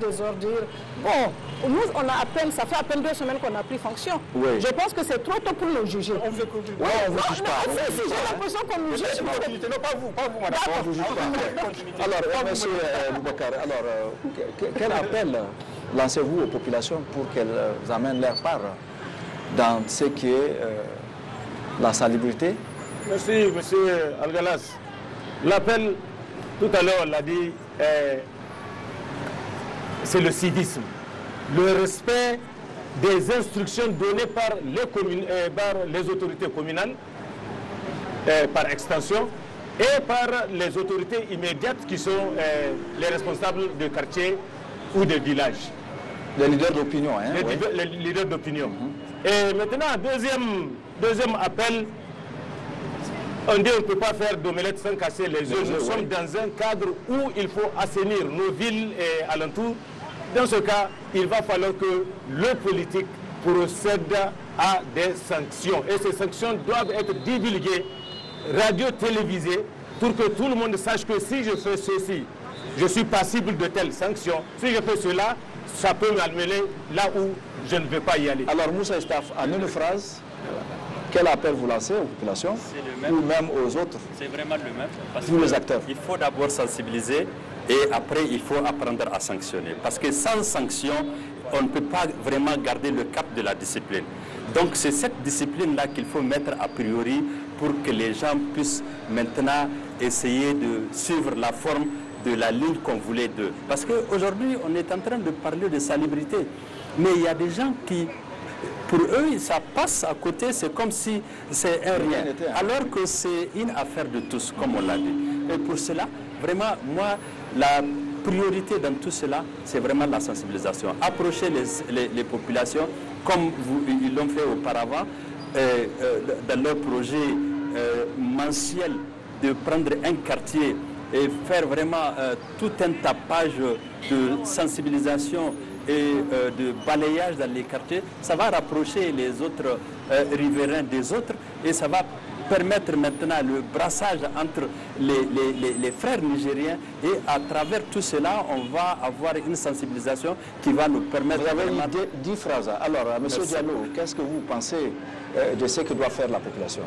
des ordures. Bon, nous, on a à peine, ça fait à peine deux semaines qu'on a pris fonction. Oui. Je pense que c'est trop tôt pour nous juger. On veut que Oui, pas. Non, j'ai l'impression qu'on nous juge. Non, pas vous, pas vous, madame. On vous juge pas. Alors, euh, monsieur euh, Boubacar, alors, euh, quel appel lancez-vous aux populations pour qu'elles amènent leur part dans ce qui est la salubrité Merci, monsieur Algalas. L'appel, tout à l'heure, on l'a dit, est c'est le civisme. Le respect des instructions données par les, euh, les autorités communales, euh, par extension, et par les autorités immédiates qui sont euh, les responsables de quartiers ou des villages. Les leaders d'opinion. Hein, les, leaders d'opinion. Mhm. Et maintenant, deuxième, deuxième appel, on dit on ne peut pas faire d'omelette sans casser les œufs. Nous sommes dans un cadre où il faut assainir nos villes et alentours. Dans ce cas, il va falloir que le politique procède à des sanctions. Et ces sanctions doivent être divulguées, radio-télévisées, pour que tout le monde sache que si je fais ceci, je suis passible de telles sanctions. Si je fais cela, ça peut m'amener là où je ne veux pas y aller. Alors Moussa Estaf, en une phrase, quel appel vous lancez aux populations même. ou même aux autres C'est vraiment le même. Parce que les acteurs. Il faut d'abord sensibiliser et après il faut apprendre à sanctionner. Parce que sans sanction, on ne peut pas vraiment garder le cap de la discipline. Donc c'est cette discipline-là qu'il faut mettre a priori pour que les gens puissent maintenant essayer de suivre la forme de la ligne qu'on voulait d'eux. Parce qu'aujourd'hui, on est en train de parler de salubrité. Mais il y a des gens qui pour eux, ça passe à côté, c'est comme si c'est un rien. Hein. Alors que c'est une affaire de tous, comme on l'a dit. Et pour cela, vraiment, moi, la priorité dans tout cela, c'est vraiment la sensibilisation. Approcher les, populations comme vous, ils l'ont fait auparavant euh, dans leur projet euh, mensuel de prendre un quartier et faire vraiment euh, tout un tapage de sensibilisation et euh, de balayage dans les quartiers, ça va rapprocher les autres euh, riverains des autres et ça va permettre maintenant le brassage entre les, les, frères nigériens et à travers tout cela, on va avoir une sensibilisation qui va nous permettre... Vous avez phrases. Alors, euh, M. Diallo, qu'est-ce que vous pensez de ce que doit faire la population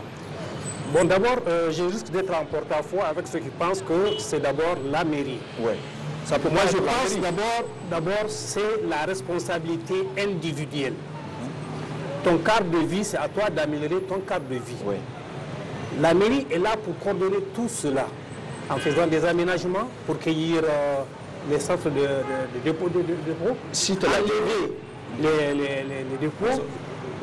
Bon, d'abord, j'ai juste d'être en porte-à-faux avec ceux qui pensent que c'est d'abord la mairie. Ouais. Moi, je pense d'abord, d'abord, c'est la responsabilité individuelle. Ton cadre de vie, c'est à toi d'améliorer ton cadre de vie. Oui. La mairie est là pour coordonner tout cela en faisant des aménagements pour cueillir euh, les centres de, de dépôt de, enlever les, les, dépôts,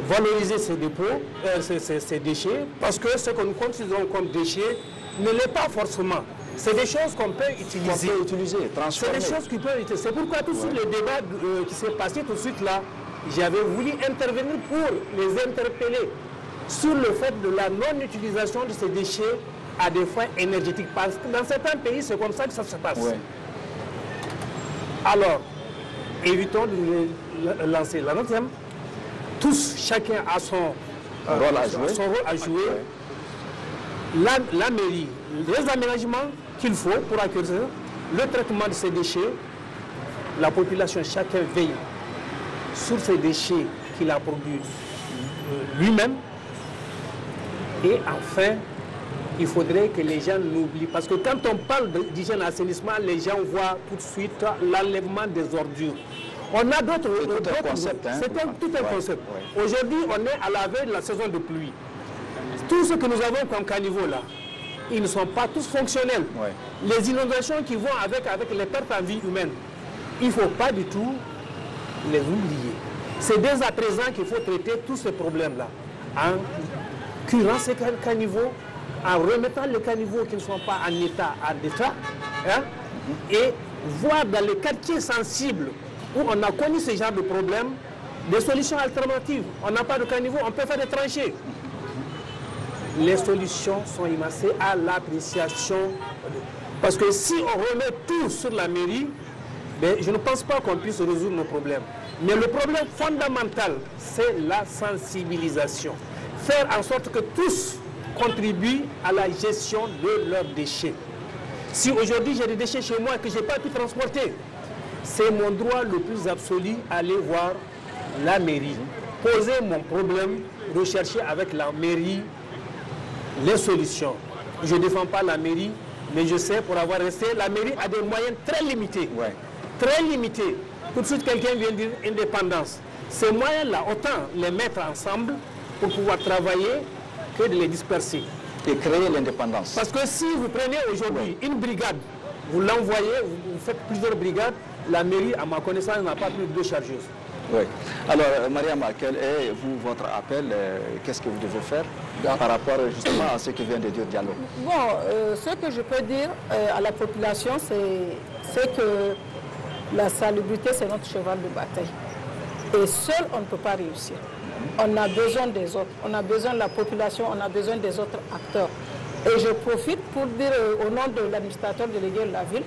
valoriser ces dépôts, euh, ces, ces, déchets, parce que ce que nous considérons comme déchets ne l'est pas forcément. C'est des choses qu'on peut utiliser. utiliser, transformer. C'est des choses qui peuvent utiliser. C'est pourquoi tout de le débat euh, qui s'est passé tout de suite là, j'avais voulu intervenir pour les interpeller sur le fait de la non-utilisation de ces déchets à des fins énergétiques. Parce que dans certains pays, c'est comme ça que ça se passe. Alors, évitons de lancer. La deuxième, tous, chacun a son, euh, rôle, à jouer. La, la mairie, les aménagements, qu'il faut pour accueillir le traitement de ces déchets. La population, chacun veille sur ces déchets qu'il a produits euh, lui-même. Et enfin, il faudrait que les gens l'oublient. Parce que quand on parle d'hygiène assainissement, les gens voient tout de suite l'enlèvement des ordures. On a d'autres... concepts. C'est tout un concept. Hein. Aujourd'hui, on est à la veille de la saison de pluie. Tout ce que nous avons comme caniveau là, ils ne sont pas tous fonctionnels. Les inondations qui vont avec, avec les pertes en vie humaine, il ne faut pas du tout les oublier. C'est dès à présent qu'il faut traiter tous ces problèmes-là en curant ces caniveaux, en remettant les caniveaux qui ne sont pas en état à détat, hein, et voir dans les quartiers sensibles où on a connu ce genre de problème, des solutions alternatives. On n'a pas de caniveau, on peut faire des tranchées les solutions sont immacées à l'appréciation. Parce que si on remet tout sur la mairie, ben, je ne pense pas qu'on puisse résoudre nos problèmes. Mais le problème fondamental, c'est la sensibilisation. Faire en sorte que tous contribuent à la gestion de leurs déchets. Si aujourd'hui j'ai des déchets chez moi que je n'ai pas pu transporter, c'est mon droit le plus absolu aller voir la mairie, poser mon problème, rechercher avec la mairie les solutions. Je ne défends pas la mairie, mais je sais, pour avoir resté, la mairie a des moyens très limités. Ouais. Très limités. Tout de suite, quelqu'un vient dire indépendance. Ces moyens-là, autant les mettre ensemble pour pouvoir travailler que de les disperser. Et créer l'indépendance. Parce que si vous prenez aujourd'hui une brigade, vous l'envoyez, vous, faites plusieurs brigades, la mairie, à ma connaissance, n'a pas plus de deux chargeuses. Oui. Alors, euh, Maria quel est vous, votre appel euh, Qu'est-ce que vous devez faire par rapport euh, justement à ce qui vient de dire Diallo Bon, ce que je peux dire à la population, c'est que la salubrité, c'est notre cheval de bataille. Et seul, on ne peut pas réussir. On a besoin des autres. On a besoin de la population, on a besoin des autres acteurs. Et je profite pour dire au nom de l'administrateur de délégué de la ville,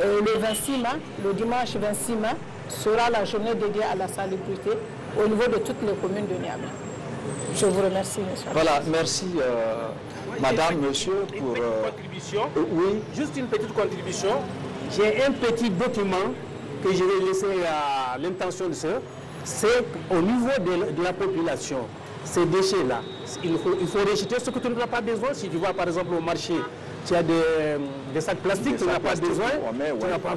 le 26 mai, le dimanche 26 mai, sera la journée dédiée à la salubrité au niveau de toutes les communes de Niamey. Je vous remercie, monsieur. Voilà, merci, euh, madame, monsieur, pour... Une euh, contribution. Euh, oui. Juste une petite contribution. J'ai un petit document que je vais laisser à l'intention de ceux. C'est au niveau de, la population, ces déchets-là, il faut, il faut ce que tu n'as pas besoin. Si tu vois, par exemple, au marché, tu as des, sacs plastiques, tu n'as pas besoin, tu n'as pas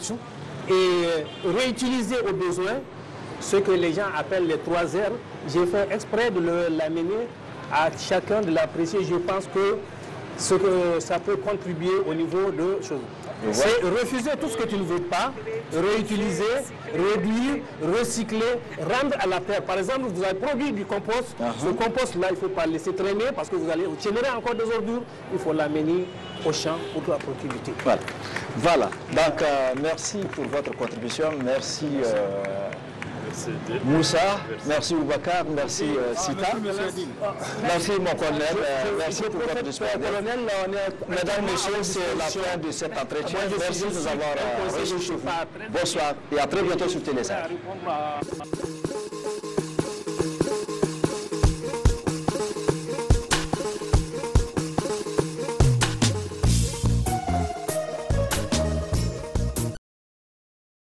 et réutiliser au besoin ce que les gens appellent les trois R. J'ai fait exprès de l'amener à chacun de l'apprécier. Je pense que ce que ça peut contribuer au niveau de choses. C'est refuser tout ce que tu ne veux pas, réutiliser, réduire, recycler, rendre à la terre. Par exemple, vous avez produit du compost. Le ah Ce ah. compost-là, il ne faut pas le laisser traîner parce que vous allez générer encore des ordures. Il faut l'amener au champ pour la productivité. Voilà. voilà. Donc, euh, merci pour votre contribution. Merci. Euh, Moussa, merci Oubakar, merci euh, Sita, ah, ah, merci mon colonel, euh, merci pour votre disponibilité. Mesdames, Messieurs, c'est la fin de cet entretien. Merci de nous avoir euh, reçus chez vous. Bonsoir et à très bientôt sur Télésat.